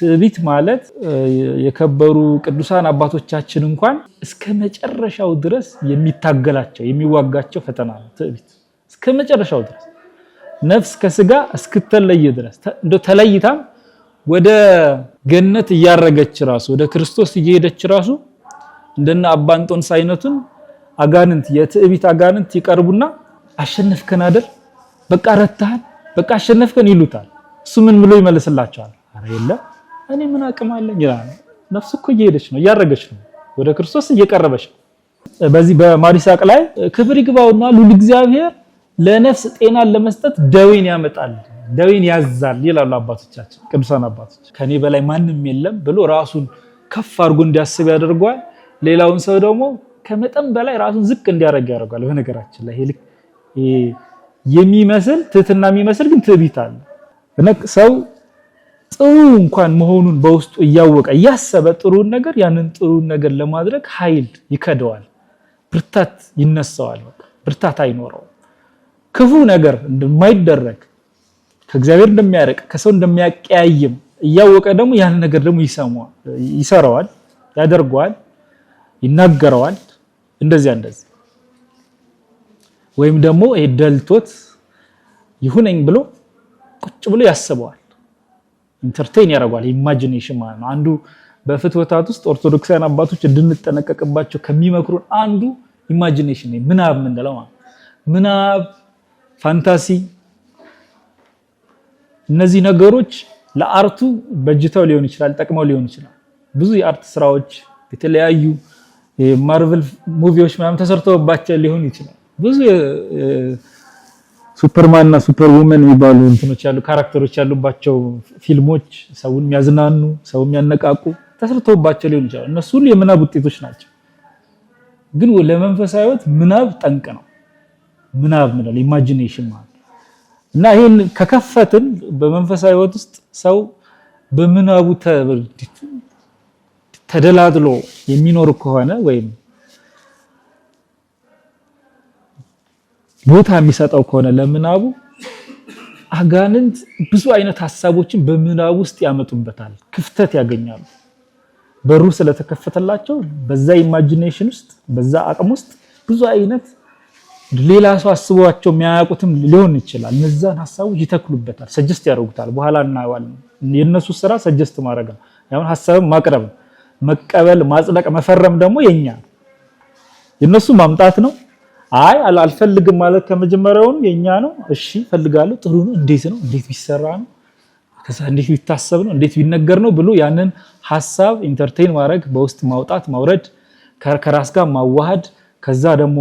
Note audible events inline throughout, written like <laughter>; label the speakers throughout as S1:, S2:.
S1: ትዕቢት ማለት የከበሩ ቅዱሳን አባቶቻችን እንኳን እስከ መጨረሻው ድረስ የሚታገላቸው የሚዋጋቸው ፈተና ነው። ትዕቢት እስከ መጨረሻው ድረስ ነፍስ ከስጋ እስክትለይ ድረስ እንደ ተለይታም ወደ ገነት እያረገች ራሱ ወደ ክርስቶስ እየሄደች ራሱ እንደነ አባ እንጦንስ አይነቱን አጋንንት የትዕቢት አጋንንት ይቀርቡና አሸነፍከን አይደል በቃ ረታህን በቃ አሸነፍከን ይሉታል። እሱ ምን ብሎ ይመልስላቸዋል? አረ የለም እኔ ምን አቅም አለኝ ይላል። ነፍስ እኮ እየሄደች ነው፣ እያረገች ነው፣ ወደ ክርስቶስ እየቀረበች ነው። በዚህ በማሪሳቅ ላይ ክብር ይግባውና ሉል እግዚአብሔር ለነፍስ ጤናን ለመስጠት ደዌን ያመጣል፣ ደዌን ያዛል ይላሉ አባቶቻችን፣ ቅዱሳን አባቶች። ከኔ በላይ ማንም የለም ብሎ ራሱን ከፍ አድርጎ እንዲያስብ ያደርጓል። ሌላውን ሰው ደግሞ ከመጠን በላይ ራሱን ዝቅ እንዲያደርግ ያደርገዋል። በነገራችን ላይ የሚመስል ትህትና የሚመስል ግን ትዕቢት አለ። ሰው ጥሩ እንኳን መሆኑን በውስጡ እያወቀ እያሰበ ጥሩን ነገር ያንን ጥሩን ነገር ለማድረግ ኃይል ይከደዋል፣ ብርታት ይነሳዋል፣ ብርታት አይኖረውም። ክፉ ነገር እንደማይደረግ ከእግዚአብሔር እንደሚያርቅ ከሰው እንደሚያቀያይም እያወቀ ደግሞ ያንን ነገር ደግሞ ይሰራዋል፣ ያደርገዋል፣ ይናገረዋል። እንደዚያ እንደዚህ ወይም ደግሞ ይሄ ደልቶት ይሁነኝ ብሎ ቁጭ ብሎ ያስበዋል። ኢንተርቴን ያደርጓል። ኢማጂኔሽን ማለት ነው። አንዱ በፍትወታት ውስጥ ኦርቶዶክሳውያን አባቶች እንድንጠነቀቅባቸው ከሚመክሩን አንዱ ኢማጂኔሽን ምናብ ምንለው ምናብ፣ ፋንታሲ እነዚህ ነገሮች ለአርቱ በጅተው ሊሆን ይችላል፣ ጠቅመው ሊሆን ይችላል። ብዙ የአርት ስራዎች የተለያዩ ማርቨል ሙቪዎች ምናምን ተሰርተውባቸው ሊሆን ይችላል ብዙ ሱፐርማን እና ሱፐር ውመን የሚባሉ እንትኖች ያሉ ካራክተሮች ያሉባቸው ፊልሞች ሰውን የሚያዝናኑ ሰው የሚያነቃቁ ተሰርተውባቸው ሊሆን ይችላል። እነሱ ሁሉ የምናብ ውጤቶች ናቸው። ግን ለመንፈሳዊ ምናብ ጠንቅ ነው። ምናብ ምንድን ኢማጂኔሽን ማለት እና ይሄን ከከፈትን በመንፈሳዊ ውስጥ ሰው በምናቡ ተደላድሎ የሚኖር ከሆነ ወይም ቦታ የሚሰጠው ከሆነ ለምናቡ አጋንንት ብዙ አይነት ሀሳቦችን በምናቡ ውስጥ ያመጡበታል፣ ክፍተት ያገኛሉ። በሩ ስለተከፈተላቸው በዛ ኢማጂኔሽን ውስጥ በዛ አቅም ውስጥ ብዙ አይነት ሌላ ሰው አስቧቸው የሚያያቁትም ሊሆን ይችላል። እነዛን ሀሳቦች ይተክሉበታል፣ ሰጀስት ያደርጉታል። በኋላ እናየዋለን። የእነሱ ስራ ሰጀስት ማድረግ ነው፣ ያሁን ሀሳብም ማቅረብ መቀበል፣ ማጽደቅ፣ መፈረም ደግሞ የኛ የእነሱ ማምጣት ነው። አይ አልፈልግም ማለት ከመጀመሪያውን የኛ ነው። እሺ ፈልጋለሁ፣ ጥሩ ነው፣ እንዴት ነው፣ እንዴት ቢሰራ ነው፣ ከዛ እንዴት ቢታሰብ ነው፣ እንዴት ቢነገር ነው ብሎ ያንን ሀሳብ ኢንተርቴን ማድረግ፣ በውስጥ ማውጣት፣ ማውረድ፣ ከራስ ጋር ማዋሃድ፣ ከዛ ደግሞ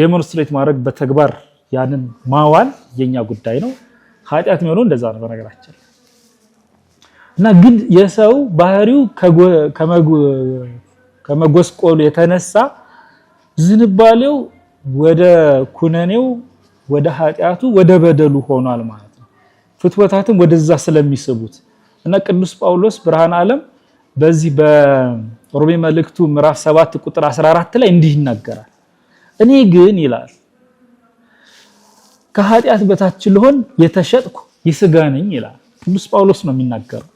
S1: ዴሞንስትሬት ማድረግ፣ በተግባር ያንን ማዋል የኛ ጉዳይ ነው። ኃጢአት የሚሆነው እንደዛ ነው በነገራችን እና ግን የሰው ባህሪው ከመጎስቆሉ የተነሳ ዝንባሌው ወደ ኩነኔው ወደ ኃጢአቱ ወደ በደሉ ሆኗል ማለት ነው። ፍትወታትም ወደዛ ስለሚስቡት እና ቅዱስ ጳውሎስ ብርሃን ዓለም በዚህ በሮሜ መልእክቱ ምዕራፍ 7 ቁጥር 14 ላይ እንዲህ ይናገራል። እኔ ግን ይላል ከኃጢአት በታች ልሆን የተሸጥኩ ይስጋ ነኝ ይላል ቅዱስ ጳውሎስ ነው የሚናገረው።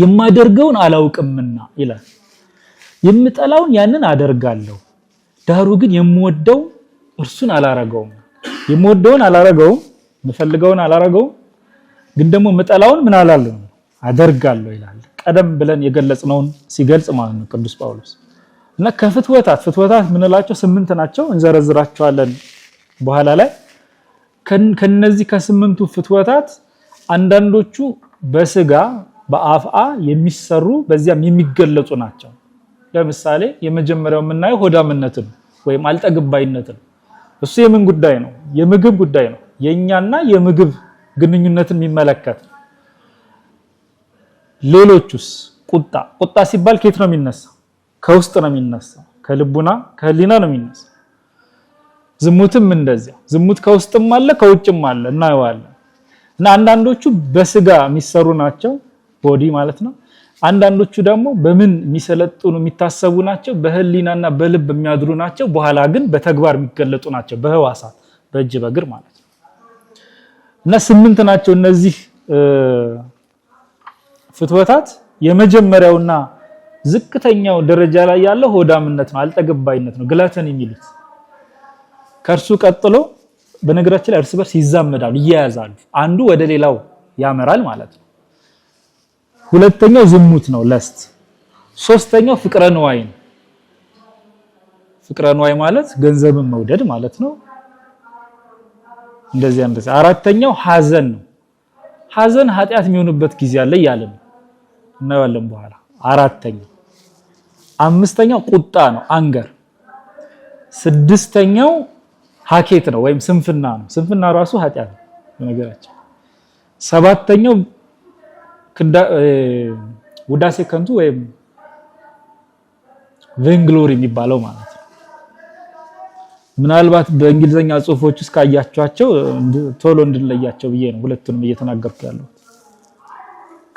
S1: የማደርገውን አላውቅምና ይላል የምጠላውን ያንን አደርጋለሁ ዳሩ ግን የምወደው እርሱን አላረገውም። የምወደውን አላረገውም፣ የምፈልገውን አላረገውም፣ ግን ደግሞ ምጠላውን ምን አላለሁ አደርጋለሁ ይላል። ቀደም ብለን የገለጽነውን ሲገልጽ ማለት ነው ቅዱስ ጳውሎስ እና ከፍትወታት ፍትወታት የምንላቸው ስምንት ናቸው፣ እንዘረዝራቸዋለን በኋላ ላይ። ከነዚህ ከስምንቱ ፍትወታት አንዳንዶቹ በስጋ በአፍአ የሚሰሩ በዚያም የሚገለጹ ናቸው። ለምሳሌ የመጀመሪያው የምናየው ሆዳምነትን ወይም አልጠግባይነትን እሱ የምን ጉዳይ ነው? የምግብ ጉዳይ ነው። የእኛና የምግብ ግንኙነትን የሚመለከት ሌሎቹስ? ቁጣ ቁጣ ሲባል ከየት ነው የሚነሳ? ከውስጥ ነው የሚነሳ፣ ከልቡና ከህሊና ነው የሚነሳ። ዝሙትም እንደዚያ። ዝሙት ከውስጥም አለ ከውጭም አለ፣ እናየዋለን። እና አንዳንዶቹ በስጋ የሚሰሩ ናቸው፣ ቦዲ ማለት ነው። አንዳንዶቹ ደግሞ በምን የሚሰለጥኑ የሚታሰቡ ናቸው፣ በህሊናና በልብ የሚያድሩ ናቸው። በኋላ ግን በተግባር የሚገለጡ ናቸው፣ በህዋሳት በእጅ በእግር ማለት ነው። እና ስምንት ናቸው እነዚህ ፍትወታት። የመጀመሪያውና ዝቅተኛው ደረጃ ላይ ያለው ሆዳምነት ነው፣ አልጠገባይነት ነው፣ ግላተን የሚሉት ከእርሱ ቀጥሎ በነገራችን ላይ እርስ በርስ ይዛመዳሉ፣ ይያያዛሉ፣ አንዱ ወደ ሌላው ያመራል ማለት ነው። ሁለተኛው ዝሙት ነው ለስት። ሶስተኛው ፍቅረ ንዋይ ነው። ፍቅረ ንዋይ ማለት ገንዘብን መውደድ ማለት ነው። እንደዚህ እንደዚህ። አራተኛው ሀዘን ነው። ሀዘን ኃጢአት የሚሆንበት ጊዜ አለ እያለ ነው እናየዋለን በኋላ። አራተኛው አምስተኛው ቁጣ ነው አንገር። ስድስተኛው ሀኬት ነው ወይም ስንፍና ነው። ስንፍና ራሱ ኃጢአት ነው በነገራችን። ሰባተኛው ውዳሴ ከንቱ ወይም ቬንግሎሪ የሚባለው ማለት ነው። ምናልባት በእንግሊዝኛ ጽሁፎች ውስጥ ካያቸዋቸው ቶሎ እንድንለያቸው ብዬ ነው ሁለቱንም እየተናገርኩ ያለሁት።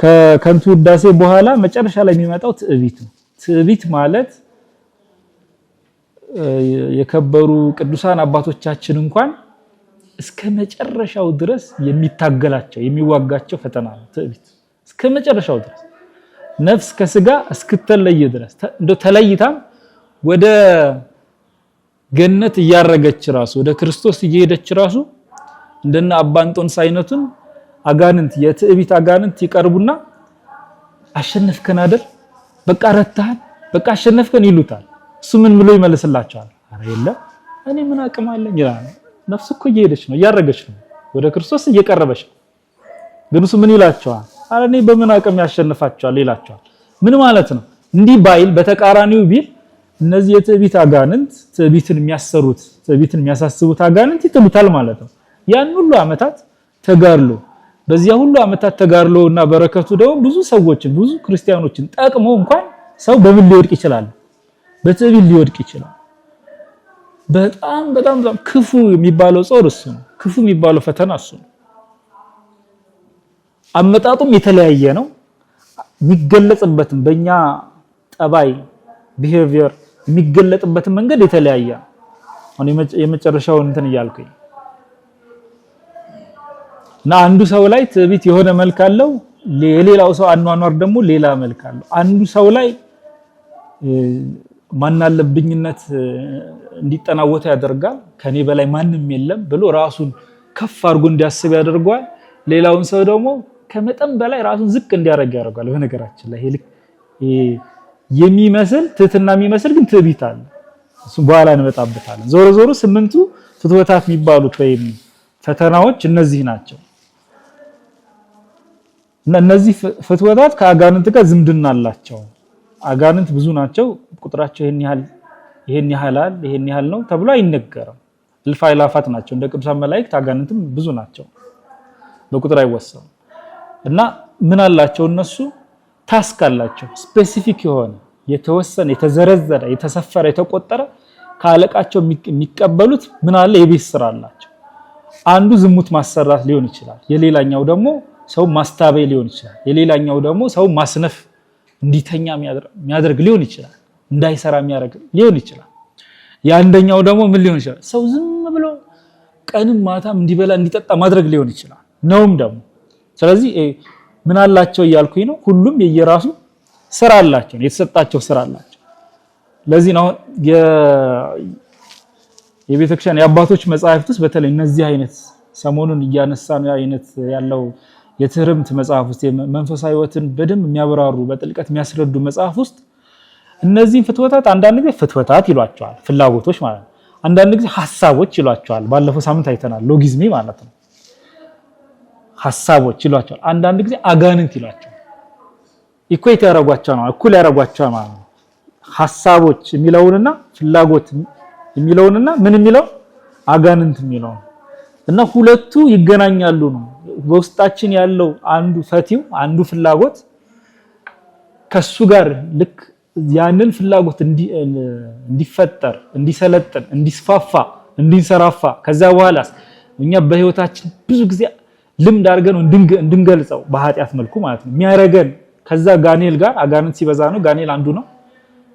S1: ከከንቱ ውዳሴ በኋላ መጨረሻ ላይ የሚመጣው ትዕቢት ነው። ትዕቢት ማለት የከበሩ ቅዱሳን አባቶቻችን እንኳን እስከ መጨረሻው ድረስ የሚታገላቸው የሚዋጋቸው ፈተና ነው ትዕቢት እስከ መጨረሻው ድረስ ነፍስ ከስጋ እስክትለይ ድረስ እንደ ተለይታም ወደ ገነት እያረገች ራሱ ወደ ክርስቶስ እየሄደች ራሱ እንደነ አባንጦን ሳይነቱን አይነቱን አጋንንት የትዕቢት አጋንንት ይቀርቡና አሸነፍከን አይደል በቃ ረታህን በቃ አሸነፍከን ይሉታል። እሱ ምን ብሎ ይመልስላቸዋል? አረ የለም እኔ ምን አቅም አለኝ ይላል። ነፍስ እኮ እየሄደች ነው፣ እያረገች ነው፣ ወደ ክርስቶስ እየቀረበች ነው። ግን እሱ ምን ይላቸዋል? አረ እኔ በምን አቅም ያሸንፋቸዋል ይላቸዋል። ምን ማለት ነው? እንዲህ ባይል በተቃራኒው ቢል እነዚህ የትዕቢት አጋንንት ትዕቢትን የሚያሰሩት ትዕቢትን የሚያሳስቡት አጋንንት ይጥሉታል ማለት ነው። ያን ሁሉ ዓመታት ተጋድሎ በዚያ ሁሉ ዓመታት ተጋድሎ እና በረከቱ ደግሞ ብዙ ሰዎችን ብዙ ክርስቲያኖችን ጠቅሞ እንኳን ሰው በምን ሊወድቅ ይችላል? በትዕቢት ሊወድቅ ይችላል። በጣም በጣም ክፉ የሚባለው ጾር እሱ ነው። ክፉ የሚባለው ፈተና እሱ ነው። አመጣጡም የተለያየ ነው። የሚገለጽበትም በእኛ ጠባይ ቢሄቪየር የሚገለጥበትን መንገድ የተለያየ ነው። አሁን የመጨረሻውን እንትን እያልኩኝ እና አንዱ ሰው ላይ ትዕቢት የሆነ መልክ አለው፣ የሌላው ሰው አኗኗር ደግሞ ሌላ መልክ አለው። አንዱ ሰው ላይ ማናለብኝነት እንዲጠናወተው ያደርጋል። ከኔ በላይ ማንም የለም ብሎ ራሱን ከፍ አድርጎ እንዲያስብ ያደርገዋል። ሌላውን ሰው ደግሞ ከመጠን በላይ ራሱን ዝቅ እንዲያደርግ ያደርጓል። በነገራችን ላይ የሚመስል ትህትና የሚመስል ግን ትዕቢት አለ። እሱ በኋላ እንመጣበታለን። ዞሮ ዞሮ ስምንቱ ፍትወታት የሚባሉት ወይም ፈተናዎች እነዚህ ናቸው። እና እነዚህ ፍትወታት ከአጋንንት ጋር ዝምድና አላቸው። አጋንንት ብዙ ናቸው። ቁጥራቸው ይሄን ያህል ይሄን ያህላል ይሄን ያህል ነው ተብሎ አይነገርም። እልፍ አእላፋት ናቸው። እንደ ቅዱሳን መላእክት አጋንንትም ብዙ ናቸው፣ በቁጥር አይወሰኑም። እና ምን አላቸው እነሱ ታስክ አላቸው ስፔሲፊክ የሆነ የተወሰነ የተዘረዘረ የተሰፈረ የተቆጠረ ከአለቃቸው የሚቀበሉት ምን አለ የቤት ስራ አላቸው። አንዱ ዝሙት ማሰራት ሊሆን ይችላል። የሌላኛው ደግሞ ሰው ማስታበይ ሊሆን ይችላል። የሌላኛው ደግሞ ሰው ማስነፍ እንዲተኛ የሚያደርግ ሊሆን ይችላል። እንዳይሰራ የሚያደርግ ሊሆን ይችላል። የአንደኛው ደግሞ ምን ሊሆን ይችላል? ሰው ዝም ብሎ ቀንም ማታም እንዲበላ እንዲጠጣ ማድረግ ሊሆን ይችላል። ነውም ደግሞ ስለዚህ ምን አላቸው እያልኩኝ ነው። ሁሉም የየራሱ ስራ አላቸው፣ የተሰጣቸው ስራ አላቸው። ለዚህ ነው የቤተክርስቲያን የአባቶች መጽሐፍት ውስጥ በተለይ እነዚህ አይነት ሰሞኑን እያነሳ ነው አይነት ያለው የትርምት መጽሐፍ ውስጥ መንፈሳዊ ሕይወትን በደንብ የሚያብራሩ በጥልቀት የሚያስረዱ መጽሐፍ ውስጥ እነዚህን ፍትወታት አንዳንድ ጊዜ ፍትወታት ይሏቸዋል፣ ፍላጎቶች ማለት ነው። አንዳንድ ጊዜ ሀሳቦች ይሏቸዋል። ባለፈው ሳምንት አይተናል፣ ሎጊዝሚ ማለት ነው። ሀሳቦች ይሏቸዋል። አንዳንድ ጊዜ አጋንንት ይሏቸዋል። ኢኩዌት ያረጓቸው ነው እኩል ያረጓቸው ማለት ነው። ሀሳቦች የሚለውንና ፍላጎት የሚለውንና ምን የሚለው አጋንንት የሚለው እና ሁለቱ ይገናኛሉ ነው። በውስጣችን ያለው አንዱ ፈቲው አንዱ ፍላጎት ከሱ ጋር ልክ ያንን ፍላጎት እንዲፈጠር እንዲሰለጥን፣ እንዲስፋፋ፣ እንዲንሰራፋ ከዛ በኋላ እኛ በህይወታችን ብዙ ጊዜ ልምድ አድርገን እንድንገልጸው በኃጢአት መልኩ ማለት ነው የሚያረገን ከዛ ጋኔል ጋር አጋንንት ሲበዛ ነው ጋኔል አንዱ ነው።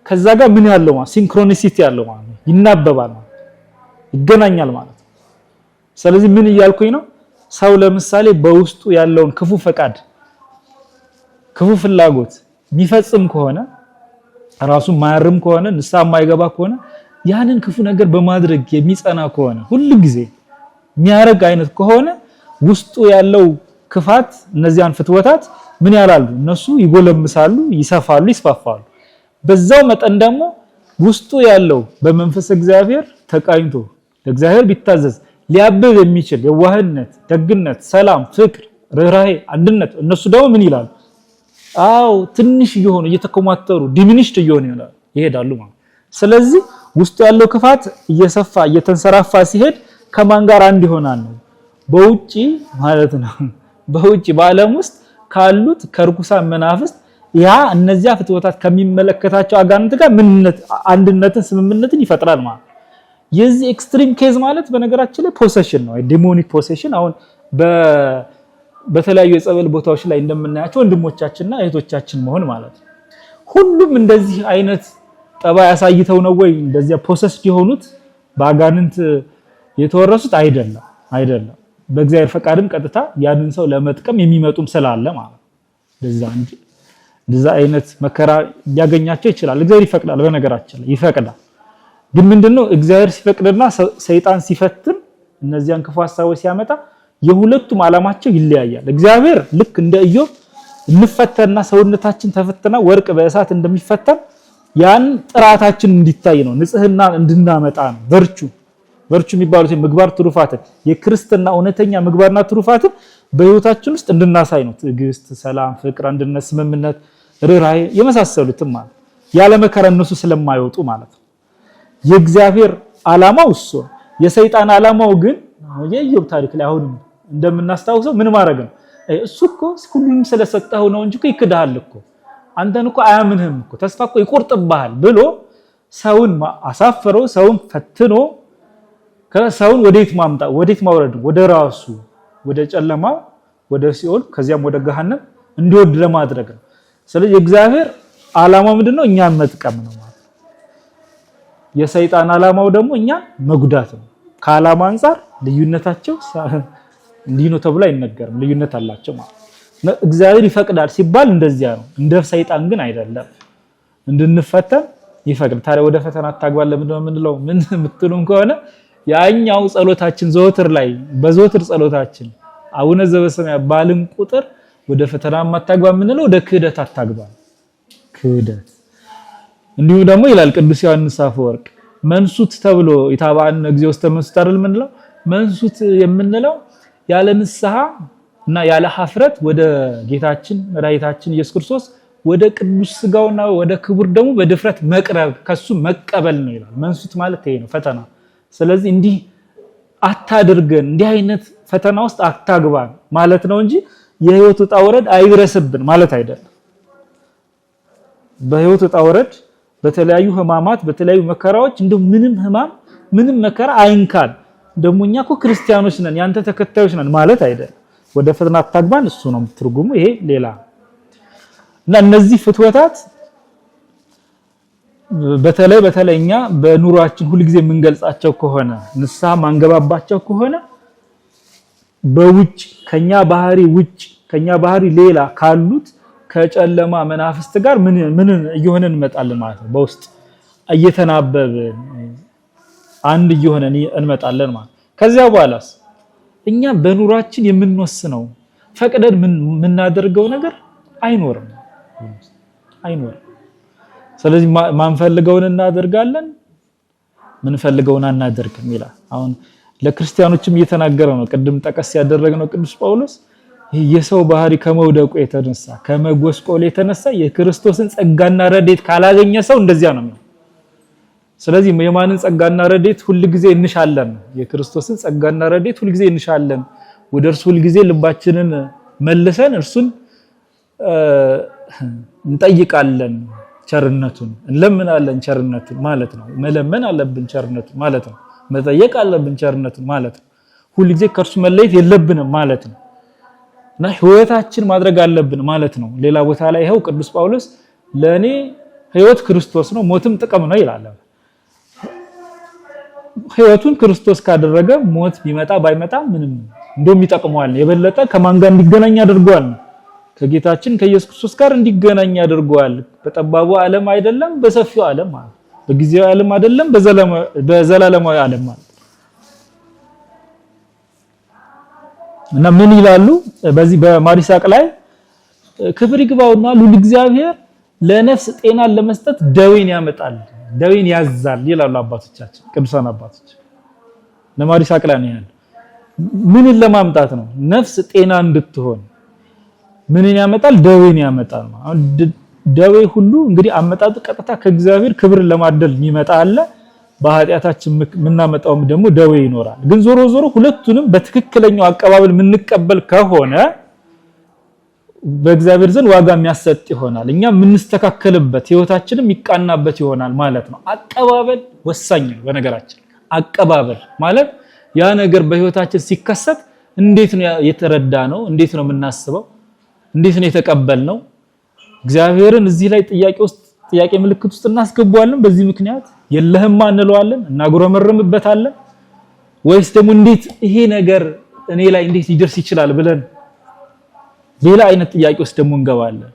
S1: ከዛ ጋር ምን ያለው ማለት ሲንክሮኒሲቲ ያለው ማለት ነው ይናበባል ማለት ይገናኛል ማለት ስለዚህ ምን እያልኩኝ ነው? ሰው ለምሳሌ በውስጡ ያለውን ክፉ ፈቃድ፣ ክፉ ፍላጎት የሚፈጽም ከሆነ ራሱ ማያርም ከሆነ ንሳ የማይገባ ከሆነ ያንን ክፉ ነገር በማድረግ የሚጸና ከሆነ ሁሉ ጊዜ የሚያረግ አይነት ከሆነ ውስጡ ያለው ክፋት እነዚያን ፍትወታት ምን ያላሉ እነሱ ይጎለምሳሉ፣ ይሰፋሉ፣ ይስፋፋሉ። በዛው መጠን ደግሞ ውስጡ ያለው በመንፈስ እግዚአብሔር ተቃኝቶ ለእግዚአብሔር ቢታዘዝ ሊያብብ የሚችል የዋህነት፣ ደግነት፣ ሰላም፣ ፍቅር፣ ርህራሄ፣ አንድነት እነሱ ደግሞ ምን ይላሉ? አው ትንሽ እየሆኑ እየተኮማተሩ ዲሚኒሽድ እየሆኑ ይሄዳሉ ማለት። ስለዚህ ውስጡ ያለው ክፋት እየሰፋ እየተንሰራፋ ሲሄድ ከማን ጋር አንድ ይሆናል ነው በውጪ ማለት ነው። በውጪ በዓለም ውስጥ ካሉት ከርኩሳን መናፍስት ያ እነዚያ ፍትወታት ከሚመለከታቸው አጋንንት ጋር ምንነት አንድነትን ስምምነትን ይፈጥራል ማለት የዚህ ኤክስትሪም ኬዝ ማለት በነገራችን ላይ ፖሴሽን ነው፣ ዲሞኒክ ፖሴሽን። አሁን በተለያዩ የጸበል ቦታዎች ላይ እንደምናያቸው ወንድሞቻችንና እህቶቻችን መሆን ማለት ሁሉም እንደዚህ አይነት ጠባይ አሳይተው ነው ወይ እንደዚያ ፖሰስ የሆኑት በአጋንንት የተወረሱት? አይደለም አይደለም። በእግዚአብሔር ፈቃድም ቀጥታ ያንን ሰው ለመጥቀም የሚመጡም ስላለ ማለት እንደዛ እንጂ እንደዛ አይነት መከራ ሊያገኛቸው ይችላል። እግዚአብሔር ይፈቅዳል፣ በነገራችን ላይ ይፈቅዳል። ግን ምንድነው እግዚአብሔር ሲፈቅድና ሰይጣን ሲፈትን እነዚያን ክፉ ሀሳቦች ሲያመጣ የሁለቱም አላማቸው ይለያያል። እግዚአብሔር ልክ እንደ ኢዮብ እንፈተንና ሰውነታችን ተፈትና ወርቅ በእሳት እንደሚፈተን ያን ጥራታችን እንዲታይ ነው፣ ንጽህና እንድናመጣ ነው፣ በርቹ ቨርቹ የሚባሉት ምግባር ትሩፋትን የክርስትና እውነተኛ ምግባርና ትሩፋትን በህይወታችን ውስጥ እንድናሳይ ነው። ትዕግስት፣ ሰላም፣ ፍቅር፣ አንድነት፣ ስምምነት፣ ርኅራኄ የመሳሰሉትም ማለት ያለ መከራ እነሱ ስለማይወጡ ማለት ነው። የእግዚአብሔር ዓላማው እሱ ነው። የሰይጣን ዓላማው ግን የኢዮብ ታሪክ ላይ አሁንም እንደምናስታውሰው ምን ማድረግ ነው? እሱ እኮ ሁሉንም ስለሰጠኸው ነው እንጂ ይክድሃል እኮ አንተን እኮ አያምንህም እኮ ተስፋ እኮ ይቆርጥብሃል ብሎ ሰውን አሳፍሮ ሰውን ፈትኖ ከሳውን ወዴት ማምጣ ወዴት ማውረድ ወደ ራሱ ወደ ጨለማ ወደ ሲኦል ከዚያም ወደ ገሃነም እንዲወድ ለማድረግ ነው። ስለዚህ እግዚአብሔር ዓላማው ምንድነው? እኛን መጥቀም ነው ማለት ነው። የሰይጣን ዓላማው ደግሞ እኛን መጉዳት ነው። ከዓላማ አንፃር ልዩነታቸው <laughs> እንዲህ ነው ተብሎ አይነገርም። ልዩነት አላቸው ማለት ነው። እግዚአብሔር ይፈቅዳል ሲባል እንደዚያ ነው። እንደ ሰይጣን ግን አይደለም። እንድንፈተን ይፈቅድ። ታዲያ ወደ ፈተና አታግባን ለምንድነው የምንለው? ምን <laughs> የምትሉም ከሆነ ያኛው ጸሎታችን ዘወትር ላይ በዘወትር ጸሎታችን አቡነ ዘበሰማያ ባልን ቁጥር ወደ ፈተና ማታግባ የምንለው ወደ ክህደት አታግባ ክህደት። እንዲሁም ደግሞ ይላል ቅዱስ ዮሐንስ አፈወርቅ መንሱት ተብሎ የታባን ጊዜ ውስጥ መንሱት አይደል የምንለው መንሱት የምንለው ያለ ንስሐ እና ያለ ሀፍረት ወደ ጌታችን መድኃኒታችን ኢየሱስ ክርስቶስ ወደ ቅዱስ ስጋውና ወደ ክቡር ደግሞ በድፍረት መቅረብ ከሱ መቀበል ነው ይላል። መንሱት ማለት ይሄ ነው ፈተና ስለዚህ እንዲህ አታድርገን፣ እንዲህ አይነት ፈተና ውስጥ አታግባን ማለት ነው እንጂ የህይወት ውጣ ውረድ አይድረስብን ማለት አይደለም። በህይወት ውጣ ውረድ፣ በተለያዩ ህማማት፣ በተለያዩ መከራዎች እንደው ምንም ህማም ምንም መከራ አይንካን። ደግሞ እኛ እኮ ክርስቲያኖች ነን ያንተ ተከታዮች ነን ማለት አይደለም። ወደ ፈተና አታግባን እሱ ነው ትርጉሙ። ይሄ ሌላ እና እነዚህ ፍትወታት በተለይ በተለይ እኛ በኑሯችን ሁልጊዜ የምንገልጻቸው ከሆነ ንስሐ ማንገባባቸው ከሆነ በውጭ ከኛ ባህሪ ውጭ ከኛ ባህሪ ሌላ ካሉት ከጨለማ መናፍስት ጋር ምን ምን እየሆነ እንመጣለን ማለት ነው። በውስጥ እየተናበብን አንድ እየሆነ እንመጣለን ማለት። ከዚያ በኋላስ እኛ በኑሯችን የምንወስነው ፈቅደን የምናደርገው ነገር አይኖርም አይኖርም። ስለዚህ ማንፈልገውን እናደርጋለን ምንፈልገውን አናደርግም ይላል። አሁን ለክርስቲያኖችም እየተናገረ ነው። ቅድም ጠቀስ ያደረግነው ቅዱስ ጳውሎስ የሰው ባህሪ ከመውደቁ የተነሳ ከመጎስቆል የተነሳ የክርስቶስን ጸጋና ረዴት ካላገኘ ሰው እንደዚያ ነው። ስለዚህ የማንን ጸጋና ረዴት ሁልጊዜ እንሻለን? የክርስቶስን ጸጋና ረዴት ሁልጊዜ እንሻለን። ወደ እርሱ ሁልጊዜ ልባችንን መልሰን እርሱን እንጠይቃለን። ቸርነቱን እንለምናለን። ቸርነቱን ማለት ነው መለመን አለብን። ቸርነቱን ማለት ነው መጠየቅ አለብን። ቸርነቱን ማለት ነው ሁልጊዜ ከእርሱ መለየት የለብንም ማለት ነው እና ህይወታችን ማድረግ አለብን ማለት ነው። ሌላ ቦታ ላይ ይኸው ቅዱስ ጳውሎስ ለእኔ ህይወት ክርስቶስ ነው፣ ሞትም ጥቅም ነው ይላል። ህይወቱን ክርስቶስ ካደረገ ሞት ቢመጣ ባይመጣ ምንም እንደውም ይጠቅመዋል። የበለጠ ከማን ጋር እንዲገናኝ አድርጓል ነው ከጌታችን ከኢየሱስ ክርስቶስ ጋር እንዲገናኝ ያደርገዋል። በጠባቡ ዓለም አይደለም በሰፊው ዓለም ማለት በጊዜያዊ ዓለም አይደለም በዘላለማዊ ዓለም ማለት እና ምን ይላሉ በዚህ በማሪሳቅ ላይ ክብር ይግባውና ሉል እግዚአብሔር ለነፍስ ጤናን ለመስጠት ደዌን ያመጣል፣ ደዌን ያዛል ይላሉ አባቶቻችን፣ ቅዱሳን አባቶች። ለማሪሳቅ ላይ ነው ያለው። ምንን ለማምጣት ነው? ነፍስ ጤና እንድትሆን ምንን ያመጣል? ደዌን ያመጣል። ደዌ ሁሉ እንግዲህ አመጣጡ ቀጥታ ከእግዚአብሔር ክብር ለማደል የሚመጣ አለ። በኃጢአታችን የምናመጣውም ደግሞ ደዌ ይኖራል። ግን ዞሮ ዞሮ ሁለቱንም በትክክለኛው አቀባበል የምንቀበል ከሆነ በእግዚአብሔር ዘንድ ዋጋ የሚያሰጥ ይሆናል። እኛ የምንስተካከልበት ህይወታችንም ይቃናበት ይሆናል ማለት ነው። አቀባበል ወሳኝ ነው። በነገራችን አቀባበል ማለት ያ ነገር በህይወታችን ሲከሰት እንዴት ነው የተረዳ ነው፣ እንዴት ነው የምናስበው እንዴት ነው የተቀበልነው? እግዚአብሔርን እዚህ ላይ ጥያቄ ውስጥ ጥያቄ ምልክት ውስጥ እናስገባዋለን። በዚህ ምክንያት የለህማ እንለዋለን፣ እናጉረመርምበታለን። ወይስ ደግሞ እንዴት ይሄ ነገር እኔ ላይ እንዴት ሊደርስ ይችላል ብለን ሌላ አይነት ጥያቄ ውስጥ ደግሞ እንገባለን።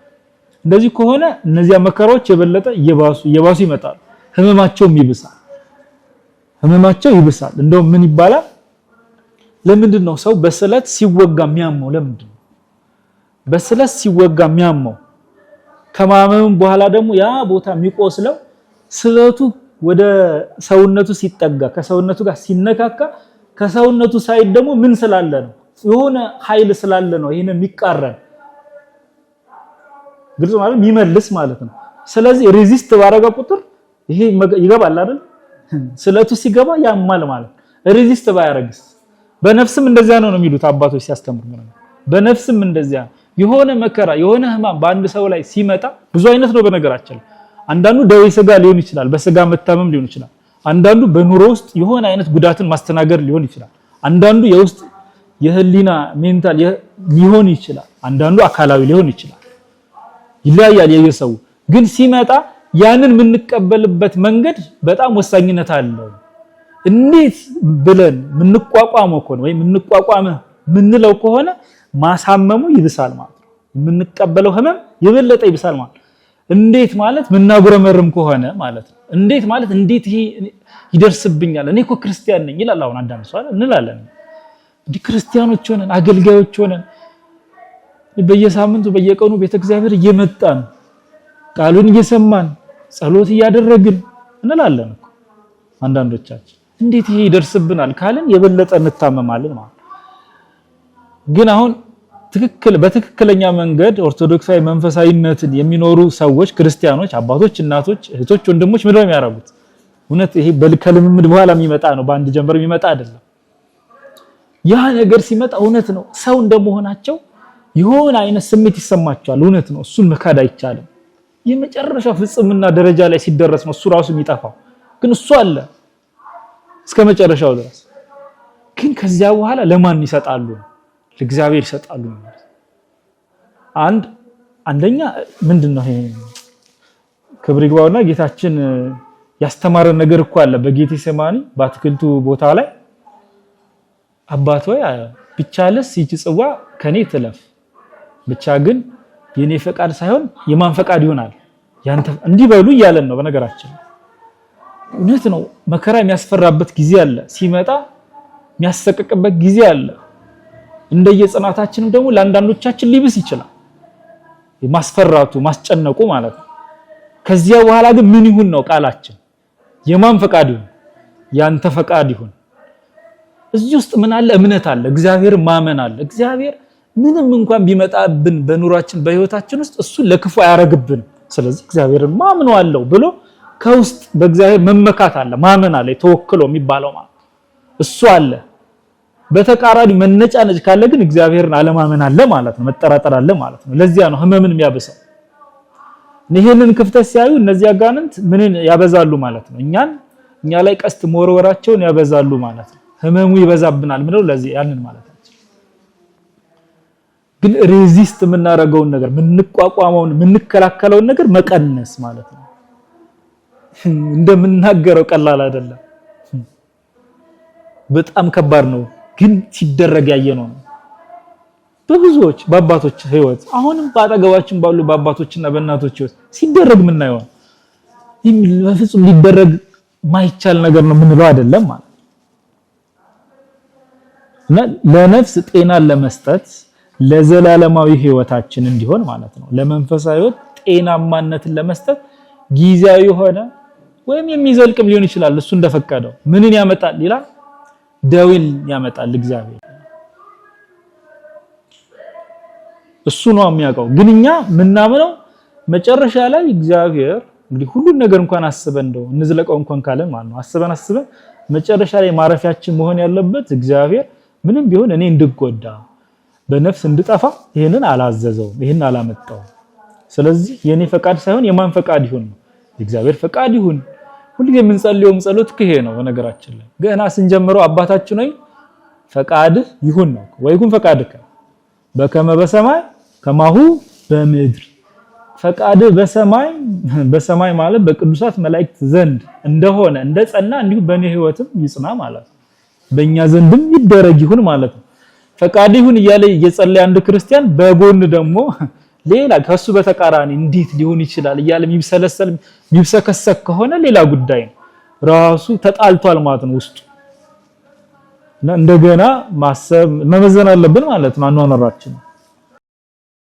S1: እንደዚህ ከሆነ እነዚያ መከራዎች የበለጠ እየባሱ እየባሱ ይመጣሉ። ህመማቸውም ይብሳል፣ ህመማቸው ይብሳል። እንደውም ምን ይባላል? ለምንድን ነው ሰው በስለት ሲወጋ የሚያመው? ለምንድን ነው በስለት ሲወጋ የሚያመው ከማመም በኋላ ደግሞ ያ ቦታ የሚቆስለው ስለቱ ወደ ሰውነቱ ሲጠጋ ከሰውነቱ ጋር ሲነካካ ከሰውነቱ ሳይድ ደግሞ ምን ስላለ ነው? የሆነ ኃይል ስላለ ነው። ይሄን የሚቃረን ግልጽ ማለት የሚመልስ ማለት ነው። ስለዚህ ሬዚስት ባረገ ቁጥር ይሄ ይገባል አይደል? ስለቱ ሲገባ ያማል ማለት ሬዚስት ባያረግስ? በነፍስም እንደዚያ ነው ነው የሚሉት አባቶች ሲያስተምሩ። በነፍስም እንደዚያ ነው የሆነ መከራ የሆነ ህማም በአንድ ሰው ላይ ሲመጣ ብዙ አይነት ነው። በነገራችን አንዳንዱ ደዌ ስጋ ሊሆን ይችላል፣ በስጋ መታመም ሊሆን ይችላል። አንዳንዱ በኑሮ ውስጥ የሆነ አይነት ጉዳትን ማስተናገድ ሊሆን ይችላል። አንዳንዱ የውስጥ የህሊና ሜንታል ሊሆን ይችላል። አንዳንዱ አካላዊ ሊሆን ይችላል። ይለያያል የየሰው ግን ሲመጣ ያንን የምንቀበልበት መንገድ በጣም ወሳኝነት አለው። እንዴት ብለን የምንቋቋመው ከሆነ ወይም የምንቋቋመ የምንለው ከሆነ ማሳመሙ ይብሳል ማለት ነው። የምንቀበለው ህመም የበለጠ ይብሳል ማለት ነው። እንዴት ማለት ምናጉረመርም ከሆነ ማለት ነው። እንዴት ማለት እንዴት ይሄ ይደርስብኛል? እኔ እኮ ክርስቲያን ነኝ ይላል። አሁን አንዳንድ ሰው እንላለን እንዲህ ክርስቲያኖች ሆነን አገልጋዮች ሆነን በየሳምንቱ በየቀኑ ቤተ እግዚአብሔር እየመጣን ቃሉን እየሰማን ጸሎት እያደረግን እንላለን እኮ አንዳንዶቻችን። እንዴት ይሄ ይደርስብናል ካልን የበለጠ እንታመማለን ማለት ግን አሁን ትክክል በትክክለኛ መንገድ ኦርቶዶክሳዊ መንፈሳዊነትን የሚኖሩ ሰዎች ክርስቲያኖች፣ አባቶች፣ እናቶች፣ እህቶች፣ ወንድሞች ምንድን የሚያረጉት የሚያደርጉት? እውነት ይሄ ከልምምድ በኋላ የሚመጣ ነው፣ በአንድ ጀንበር የሚመጣ አይደለም። ያ ነገር ሲመጣ እውነት ነው፣ ሰው እንደመሆናቸው የሆነ አይነት ስሜት ይሰማቸዋል። እውነት ነው፣ እሱን መካድ አይቻልም። የመጨረሻ ፍጽምና ደረጃ ላይ ሲደረስ ነው እሱ ራሱ የሚጠፋው። ግን እሱ አለ እስከ መጨረሻው ድረስ። ግን ከዚያ በኋላ ለማን ይሰጣሉ? ለእግዚአብሔር ይሰጣሉ። አንድ አንደኛ ምንድን ነው ይሄ ክብር ይግባውና ጌታችን ያስተማረን ነገር እኮ አለ። በጌቴ ሰማኒ በአትክልቱ ቦታ ላይ አባት ብቻ ለስ ይቺ ጽዋ ከኔ ትለፍ፣ ብቻ ግን የኔ ፈቃድ ሳይሆን የማን ፈቃድ ይሆናል ያንተ እንዲህ በሉ እያለን ነው። በነገራችን እውነት ነው። መከራ የሚያስፈራበት ጊዜ አለ። ሲመጣ የሚያሰቀቅበት ጊዜ አለ። እንደየጽናታችንም ደግሞ ለአንዳንዶቻችን ሊብስ ይችላል። ማስፈራቱ ማስጨነቁ ማለት ነው። ከዚያ በኋላ ግን ምን ይሁን ነው ቃላችን። የማን ፈቃድ ይሁን? ያንተ ፈቃድ ይሁን። እዚህ ውስጥ ምን አለ? እምነት አለ። እግዚአብሔር ማመን አለ። እግዚአብሔር ምንም እንኳን ቢመጣብን በኑሯችን በህይወታችን ውስጥ እሱ ለክፉ አያረግብን። ስለዚህ እግዚአብሔርን አለው ብሎ ከውስጥ በእግዚአብሔር መመካት አለ፣ ማመን አለ። ተወክሎ የሚባለው ማለት እሱ አለ። በተቃራኒ መነጫነጭ ካለ ግን እግዚአብሔርን አለማመን አለ ማለት ነው፣ መጠራጠር አለ ማለት ነው። ለዚያ ነው ህመምን የሚያበሳው። ይሄንን ክፍተት ሲያዩ እነዚህ አጋንንት ምንን ያበዛሉ ማለት ነው? እኛን እኛ ላይ ቀስት መወርወራቸውን ያበዛሉ ማለት ነው። ህመሙ ይበዛብናል ምነው ለዚህ ያንን ማለት ነው። ግን ሬዚስት የምናደርገውን ነገር የምንቋቋመውን የምንከላከለውን ነገር መቀነስ ማለት ነው። እንደምናገረው ቀላል አይደለም፣ በጣም ከባድ ነው። ግን ሲደረግ ያየነው ነው። በብዙዎች በአባቶች ህይወት አሁንም በአጠገባችን ባሉ በአባቶችና በእናቶች ህይወት ሲደረግ ምናየው በፍጹም ሊደረግ ማይቻል ነገር ነው የምንለው አይደለም ማለት እና ለነፍስ ጤናን ለመስጠት ለዘላለማዊ ህይወታችን እንዲሆን ማለት ነው። ለመንፈሳዊ ህይወት ጤናማነትን ለመስጠት ጊዜያዊ የሆነ ወይም የሚዘልቅም ሊሆን ይችላል። እሱ እንደፈቀደው ምንን ያመጣል ይላል ደዌን ያመጣል እግዚአብሔር። እሱ ነው የሚያውቀው። ግን እኛ ምናምነው መጨረሻ ላይ እግዚአብሔር እንግዲህ ሁሉን ነገር እንኳን አስበን እንደው እንዝለቀው እንኳን ካለን ማለት ነው አስበን አስበን መጨረሻ ላይ ማረፊያችን መሆን ያለበት እግዚአብሔር ምንም ቢሆን እኔ እንድጎዳ በነፍስ እንድጠፋ ይህንን አላዘዘውም፣ ይህንን አላመጣውም። ስለዚህ የኔ ፈቃድ ሳይሆን የማን ፈቃድ ይሁን ነው የእግዚአብሔር ፈቃድ ይሁን ሁልጊዜ የምንጸልየውም ጸሎት ይሄ ነው። በነገራችን ላይ ገና ስንጀምረው አባታችን ሆይ ፈቃድህ ይሁን ነው። ወይ ወይኩን ፈቃድከ በከመ በሰማይ ከማሁ በምድር ፈቃድህ በሰማይ <laughs> በሰማይ ማለት በቅዱሳት መላእክት ዘንድ እንደሆነ እንደጸና እንዲሁ በእኔ ህይወትም ይጽና ማለት ነው። በእኛ ዘንድም ይደረግ ይሁን ማለት ነው። ፈቃድህ ይሁን እያለ እየጸለየ አንድ ክርስቲያን በጎን ደግሞ ሌላ ከሱ በተቃራኒ እንዴት ሊሆን ይችላል እያለ የሚብሰለሰል የሚብሰከሰክ ከሆነ ሌላ ጉዳይ ነው። ራሱ ተጣልቷል ማለት ነው ውስጡ። እንደገና ማሰብ መመዘን አለብን ማለት ነው አኗኗራችን